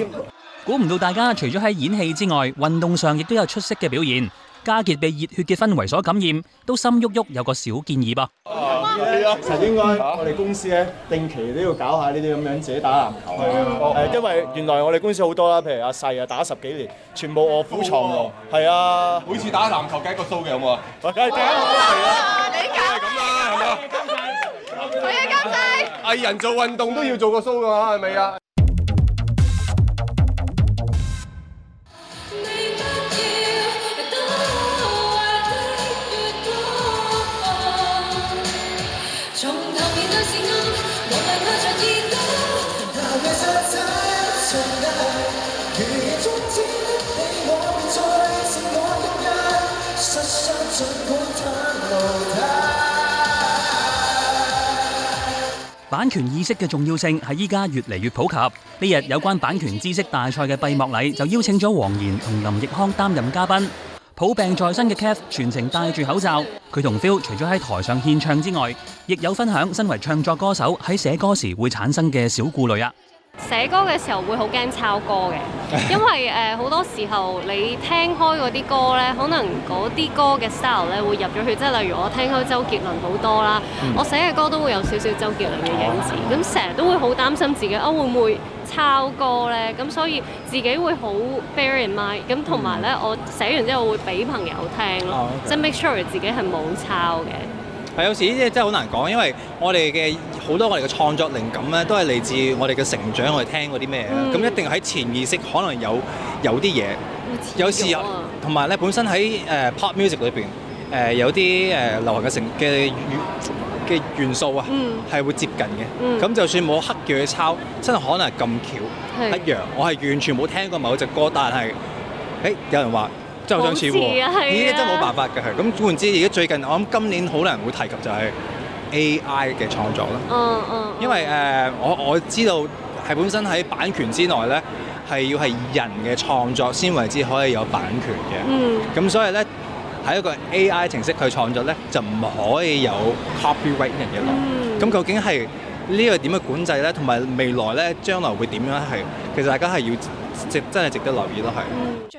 G: 估唔你到大家除咗喺演戲之外，運動上亦都有出色嘅表現。嘉杰被熱血嘅氛圍所感染，都心喐喐有個小建議
A: 噃。乜嘢咧？其實應該我哋公司咧定期都要搞下呢啲咁樣自己打籃球啊。係啊，因為原來我哋公司好多啦，譬如阿細啊打十幾年，全部臥虎藏龍。係啊，每次打籃球計個
M: show 嘅咁喎。有冇啊？你咁係咁啦，係嘛？
L: 金仔，我叫金仔。
M: 藝人做運動都要做個 show 㗎，係咪啊？
G: 版權意識嘅重要性係依家越嚟越普及。呢日有關版權知識大賽嘅閉幕禮就邀請咗黃妍同林奕匡擔任嘉賓。抱病在身嘅 Cath 全程戴住口罩，佢同 Phil 除咗喺台上獻唱之外，亦有分享身為唱作歌手喺寫歌時會產生嘅小顧慮啊！
F: 寫歌嘅時候會好驚抄歌嘅，因為誒呃、好多時候你聽開嗰啲歌咧，可能嗰啲歌嘅 style 咧會入咗去，即係例如我聽開周杰倫好多啦，嗯、我寫嘅歌都會有少少周杰倫嘅影子，咁成日都會好擔心自己啊會唔會抄歌咧，咁所以自己會好 bear in mind，咁同埋咧我寫完之後會俾朋友聽咯，即係、嗯 okay. make sure 自己係冇抄嘅。
P: 係有時呢啲真係好難講，因為我哋嘅好多我哋嘅創作靈感咧，都係嚟自我哋嘅成長，我哋聽過啲咩啊？咁、嗯、一定喺潛意識可能有有啲嘢，有，有時同埋咧本身喺誒、uh, pop music 裏邊誒有啲誒、uh, 流行嘅成嘅嘅元素啊，係、嗯、會接近嘅。咁、嗯、就算冇刻意去抄，真係可能係咁巧一樣是、啊。我係完全冇聽過某隻歌，但係誒、欸、有人話。就相似喎，依啲真係冇辦法嘅係。咁換言之，而家最近我諗今年好多人會提及就係 AI 嘅創作啦、嗯。嗯嗯。因為誒、呃，我我知道係本身喺版權之內咧，係要係人嘅創作先為之可以有版權嘅。嗯。咁所以咧，喺一個 AI 程式去創作咧，就唔可以有 copyright 人嘅。嗯。咁究竟係呢個點嘅管制咧？同埋未來咧，將來會點樣係？其實大家係要。值真真係值得留意都係，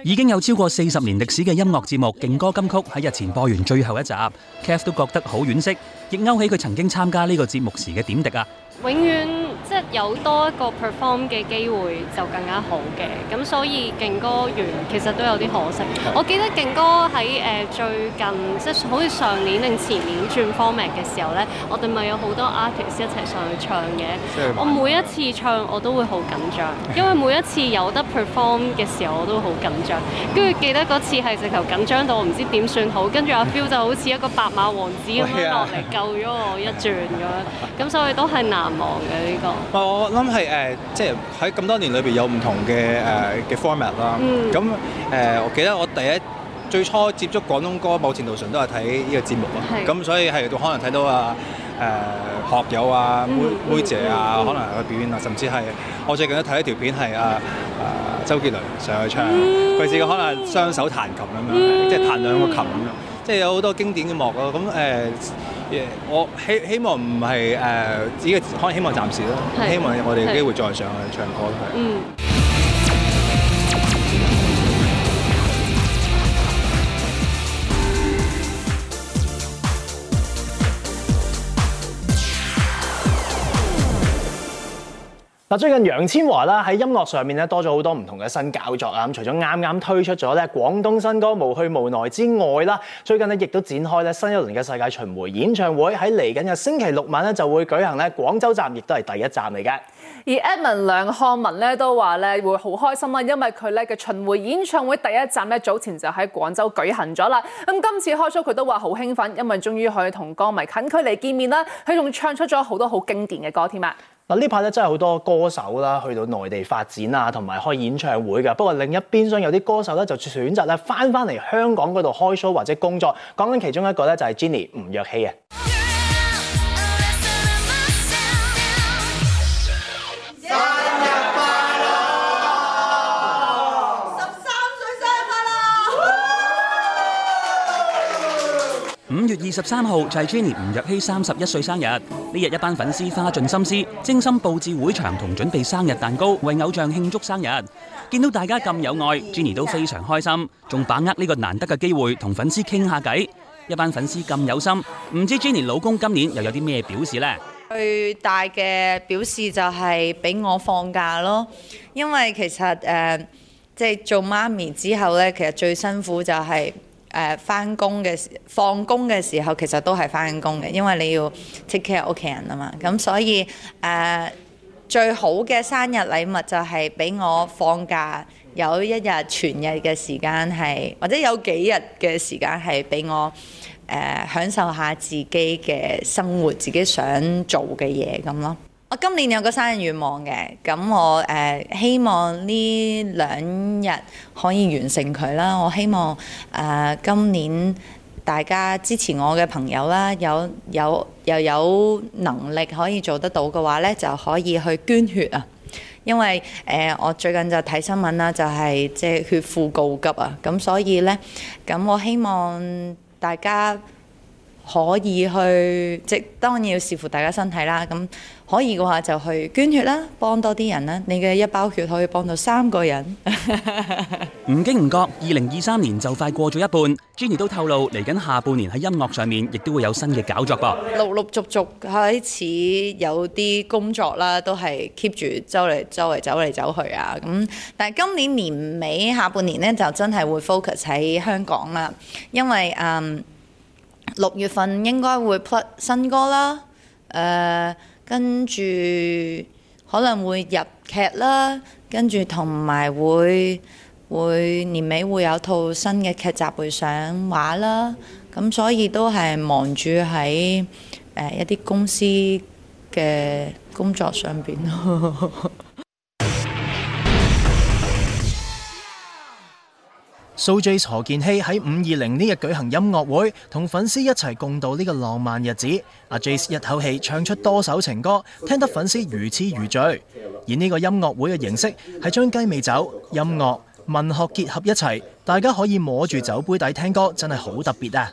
G: 已經有超過四十年歷史嘅音樂節目《勁歌金曲》喺日前播完最後一集 [noise] ，Kef 都覺得好惋惜，亦勾起佢曾經參加呢個節目時嘅點滴啊！
F: 永遠即係有多一個 perform 嘅機會就更加好嘅，咁所以勁歌完其實都有啲可惜。我記得勁歌喺誒、呃、最近即係好似上年定前年轉 format 嘅時候呢，我哋咪有好多 artist 一齊上去唱嘅。我每一次唱我都會好緊張，因為每一次有得 perform 嘅時候我都好緊張。跟住記得嗰次係直頭緊張到我唔知點算好，跟住阿 Feel 就好似一個白馬王子咁樣落嚟救咗我一轉咁樣咁。咁所以都係難。
P: 嘅呢個，我諗係誒，即係喺咁多年裏邊有唔同嘅誒嘅 format 啦。咁、呃、誒、嗯呃，我記得我第一最初接觸廣東歌，某程度上都係睇呢個節目咯。咁是、嗯、所以係可能睇到啊誒、呃、學友啊、妹妹姐啊，嗯嗯、可能係個表演啊，甚至係我最近都睇一條片係啊啊周杰倫上去唱，佢、嗯、自己可能雙手彈琴咁樣，即係、嗯、彈兩個琴咁樣，即、就、係、是、有好多經典嘅樂咯。咁、嗯、誒。嗯嗯 Yeah, 我希希望唔係誒，自、呃、己可能希望暫時咯，的希望我哋有機會再上去的唱歌係。係、嗯。
A: 嗱，最近楊千嬅啦喺音樂上面咧多咗好多唔同嘅新搞作啊！咁除咗啱啱推出咗咧廣東新歌《無去無奈》之外啦，最近咧亦都展開咧新一輪嘅世界巡迴演唱會，喺嚟緊嘅星期六晚咧就會舉行咧
B: 廣州站，亦都係第一站嚟嘅。而 Edmond 梁漢文咧都話咧會好開心啦，因為佢咧嘅巡迴演唱會第一站咧早前就喺廣州舉行咗啦。咁今次開 show 佢都話好興奮，因為終於可以同歌迷近距離見面啦。佢仲唱出咗好多好經典嘅歌添啊！
A: 嗱呢排咧真係好多歌手啦，去到內地發展啊，同埋開演唱會㗎。不過另一邊廂有啲歌手咧就選擇咧翻翻嚟香港嗰度開 show 或者工作。講緊其中一個咧，就係 Jenny 吳若希啊。
G: 月二十三號就係 Jenny 吳若希三十一歲生日呢日一班粉絲花盡心思精心布置會場同準備生日蛋糕為偶像慶祝生日見到大家咁有愛 Jenny 都非常開心仲把握呢個難得嘅機會同粉絲傾下偈一班粉絲咁有心唔知 Jenny 老公今年又有啲咩表示呢
H: 最
Q: 大嘅表示就係俾我放假咯因為其實誒即係做媽咪之後咧其實最辛苦就係。誒翻工嘅時，放工嘅時候其實都係翻工嘅，因為你要 take care 屋企人啊嘛。咁所以誒、呃，最好嘅生日禮物就係俾我放假有一日全日嘅時間，係或者有幾日嘅時間係俾我誒、呃、享受下自己嘅生活，自己想做嘅嘢咁咯。我今年有個生日願望嘅，咁我誒、呃、希望呢兩日可以完成佢啦。我希望誒、呃、今年大家支持我嘅朋友啦，有有又有能力可以做得到嘅話呢，就可以去捐血啊。因為誒、呃、我最近就睇新聞啦，就係即係血庫告急啊。咁所以呢，咁我希望大家。可以去，即當然要視乎大家身體啦。咁可以嘅話就去捐血啦，幫多啲人啦。你嘅一包血可以幫到三個人。
G: 唔 [laughs] 經唔覺，二零二三年就快過咗一半。Jenny 都透露嚟緊下半年喺音樂上面亦都會有新嘅搞作噃。
Q: 陸陸續續開始有啲工作啦，都係 keep 住周嚟周圍走嚟走去啊。咁但係今年年尾下半年呢，就真係會 focus 喺香港啦，因為嗯。Um, 六月份應該會 plug 新歌啦，誒、呃，跟住可能會入劇啦，跟住同埋會會年尾會有套新嘅劇集會上畫啦，咁所以都係忙住喺誒一啲公司嘅工作上邊咯。 [laughs]
A: So Jace、何建熙喺五二零呢日舉行音樂會，同粉絲一齊共度呢個浪漫日子。阿 Jace 一口氣唱出多首情歌，聽得粉絲如痴如醉。而呢個音樂會嘅形式係將雞尾酒、音樂、文學結合一齊，大家可以摸住酒杯底聽歌，真係好特別啊！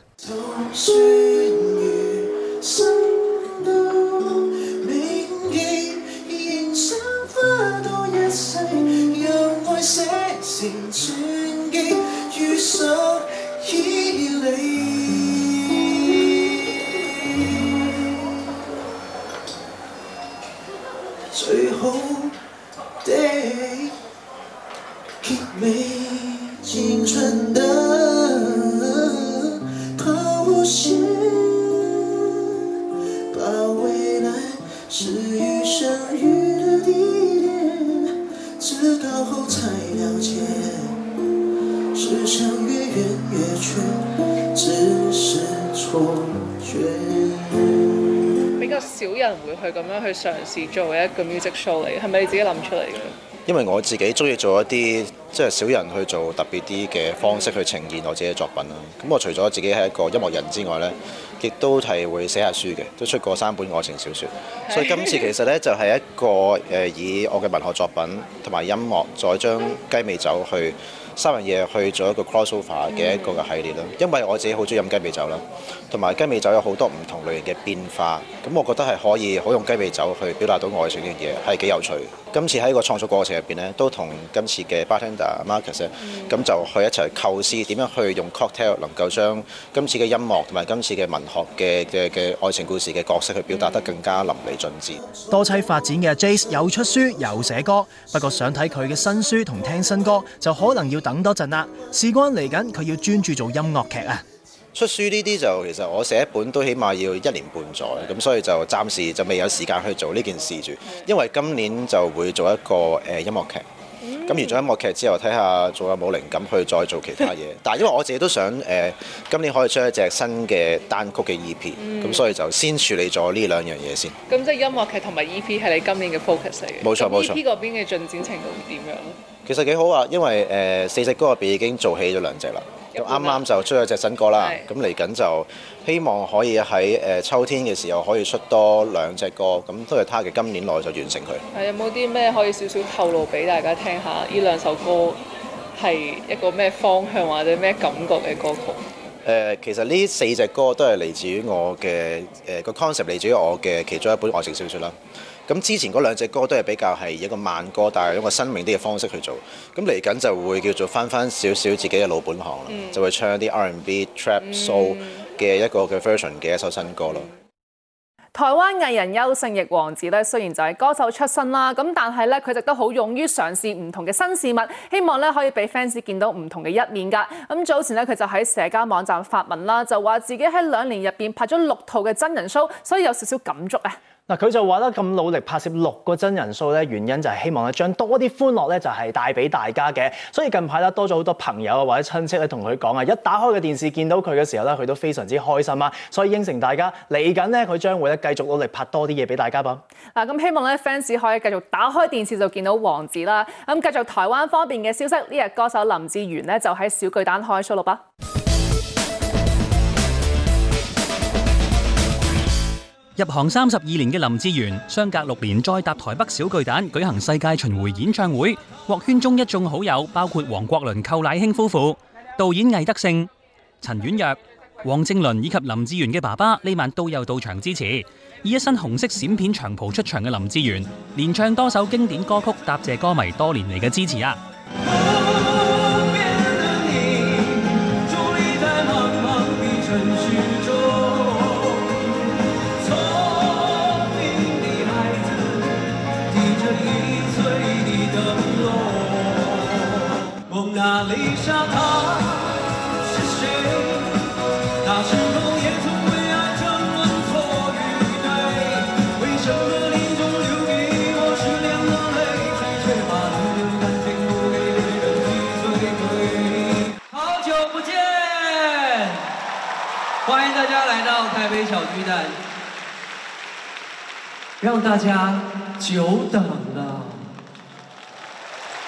B: 嘗試做一個 music show 嚟，係咪你自己諗出嚟
O: 嘅？因為我自己中意做一啲即係少人去做特別啲嘅方式去呈現我自己嘅作品啦。咁、嗯嗯、我除咗自己係一個音樂人之外呢，亦都係會寫下書嘅，都出過三本愛情小說。是所以今次其實呢，就係、是、一個誒，以我嘅文學作品同埋音樂再將雞尾酒去。三樣嘢去做一個 crossover 嘅一個嘅系列啦，因為我自己好中意飲雞尾酒啦，同埋雞尾酒有好多唔同類型嘅變化，咁我覺得係可以好用雞尾酒去表達到愛情呢樣嘢，係幾有趣。今次喺個創作過程入邊呢，都同今次嘅 bartender Marcus 咁、嗯、就去一齊構思點樣去用 cocktail 能夠將今次嘅音樂同埋今次嘅文學嘅嘅嘅愛情故事嘅角色去表達得更加淋漓盡致。
A: 多棲發展嘅 Jace 有出書又寫歌，不過想睇佢嘅新書同聽新歌就可能要等等多陣啦，事關嚟緊，佢要專注做音樂劇啊！出
O: 書呢啲就其實我寫一本都起碼要一年半載，咁所以就暫時就未有時間去做呢件事住。因為今年就會做一個誒音樂劇，咁完咗音樂劇之後睇下做有冇靈感去再做其他嘢。嗯、但係因為我自己都想誒、呃、今年可以出一隻新嘅單曲嘅 EP，咁、嗯、所以就先處理咗呢兩樣嘢先。
B: 咁、嗯、即係音樂劇同埋 EP 係你今年嘅 focus 嚟嘅。冇錯冇錯。咁 EP 嗰邊嘅進展程度點樣？
O: 其實幾好啊，因為誒、呃、四隻歌入邊已經做起咗兩隻啦，咁啱啱就出咗隻新歌啦，咁嚟緊就希望可以喺誒、呃、秋天嘅時候可以出多兩隻歌，咁、嗯嗯、都係他嘅今年內就完成佢。
B: 係、啊、有冇啲咩可以少少透露俾大家聽下？呢兩首歌係一個咩方向或者咩感覺嘅歌曲？
O: 誒、呃、其實呢四隻歌都係嚟自於我嘅誒、呃、個 concept 嚟自於我嘅其中一本愛情小説啦。咁之前嗰兩隻歌都係比較係一個慢歌，但係用一個新穎啲嘅方式去做。咁嚟緊就會叫做翻翻少少自己嘅老本行、嗯、就會唱一啲 R&B、Trap、嗯、Soul 嘅一個嘅 version 嘅一首新歌咯。
B: 台灣藝人邱勝翊王子咧，雖然就係歌手出身啦，咁但係咧佢亦都好勇於嘗試唔同嘅新事物，希望咧可以俾 fans 見到唔同嘅一面噶。咁早前咧佢就喺社交網站發文啦，就話自己喺兩年入邊拍咗六套嘅真人 show，所以有少少感觸啊。
A: 嗱，佢就話咧咁努力拍攝六個真人騷咧，原因就係希望咧將多啲歡樂咧就係帶俾大家嘅。所以近排咧多咗好多朋友或者親戚咧同佢講啊，一打開個電視見到佢嘅時候咧，佢都非常之開心啊。所以應承大家，嚟緊咧佢將會咧繼續努力拍多啲嘢俾大家噃。
B: 嗱、啊，咁、嗯、希望咧 fans 可以繼續打開電視就見到王子啦。咁、嗯、繼續台灣方面嘅消息，呢日歌手林志炫咧就喺小巨蛋開 show 啦。
G: 入行三十二年嘅林志炫，相隔六年再搭台北小巨蛋舉行世界巡迴演唱會，獲圈中一眾好友，包括黃國倫、寇乃馨夫婦、導演魏德聖、陳婉若、王正倫以及林志炫嘅爸爸，呢晚都有到場支持。以一身紅色閃片長袍出場嘅林志炫連唱多首經典歌曲，答謝歌迷多年嚟嘅支持啊！
M: 娜麗莎她是誰？她是否也曾為愛爭論錯與對。為什麼你總留給我失戀的淚水，卻把你
G: 的感情付給別人去摧毀。好久不見，
M: 歡迎大家來到台北小巨蛋，
B: 讓大家久等了。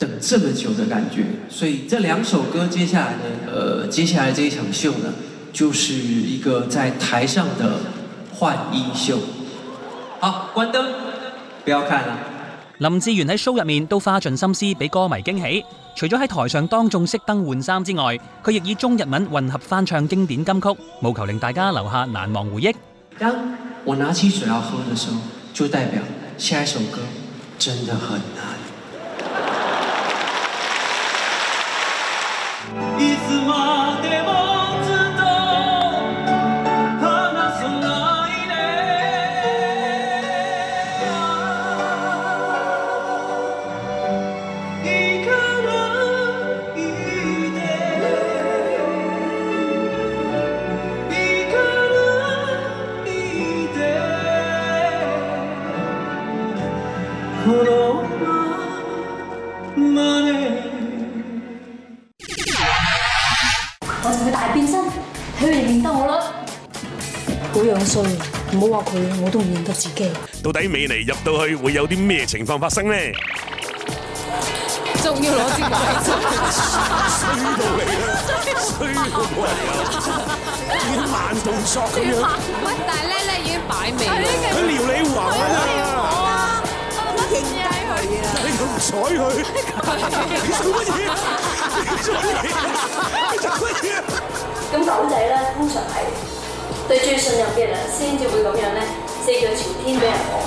A: 等這麼久的感覺，所以這兩首歌接下來呢，呃，接下來這一場秀呢，就是一個在台上的換衣秀。
G: 好，關燈，
A: 不要看
P: 了。
G: 林志炫喺 show 入面都花盡心思俾歌迷驚喜，除咗喺台上當眾熄燈換衫之外，佢亦以中日文混合翻唱經典金曲，務求令大家留下難忘回憶。當我拿起水要喝的時候，就代表下一首歌真的很難。
C: 佢，我都唔認得自己。
G: 到底美妮入到去會有啲咩情況發生呢？
I: 仲要攞支筷子
H: 衰到嚟啊！
I: 衰到鬼咁，做啲慢動作啊！
C: 喂，但係咧，已經擺尾啦，佢
I: 撩你玩啦，攔
C: 住佢啊！你唔
A: 睬佢，做乜嘢？
L: 咁狗仔
H: 咧，通常係。最
G: 中意信任別人，先至會咁樣咧，四腳朝天俾人惡。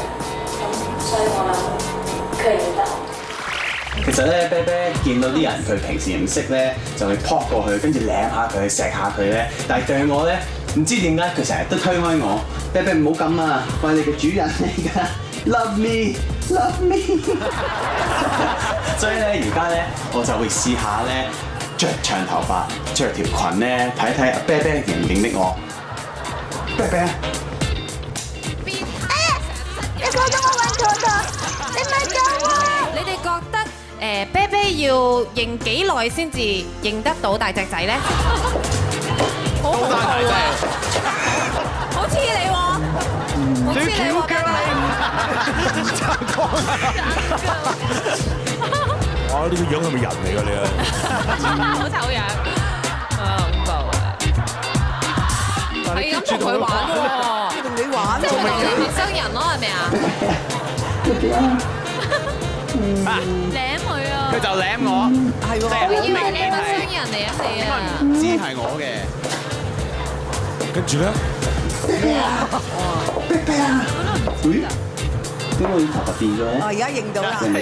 G: 咁所以我諗佢唔得。其實咧，啤啤見到啲人，佢平時唔識咧，
A: 就會撲過去，跟住舐下佢，錫下佢咧。但係對我咧，唔知點解佢成日都推開我。啤啤唔好咁啊，我係你嘅主人嚟噶，Love
J: me，Love me。
A: [laughs] 所以咧，而家咧，我就會試下咧，着長頭髮，着條裙咧，睇睇阿啤啤認唔認得我。啤
Q: 啤，哎呀，你講到我揾錯咗，你
F: 咪走喎！你哋覺得誒啤啤要認幾耐先至
D: 認得到大隻仔咧？
B: 好大隻，
H: 好似你喎！你翹
P: 腳，
K: 我呢個樣係咪人嚟㗎？你啊，
B: 好醜樣啊！唔夠。係咁同佢玩喎，同你玩喎，即係同陌
F: 生人咯，係咪啊？
E: 舐佢啊！佢就舐我，
C: 係喎。我以為你陌生人
P: 舐
A: 你啊，知係我嘅。跟住咧，咩啊？哇！咩咩啊？咦？點解我依頭髮變咗咧？我而家
G: 認到啦，係咪？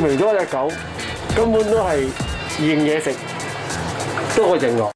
M: 證明咗隻狗根本都係認嘢食，都可以認落。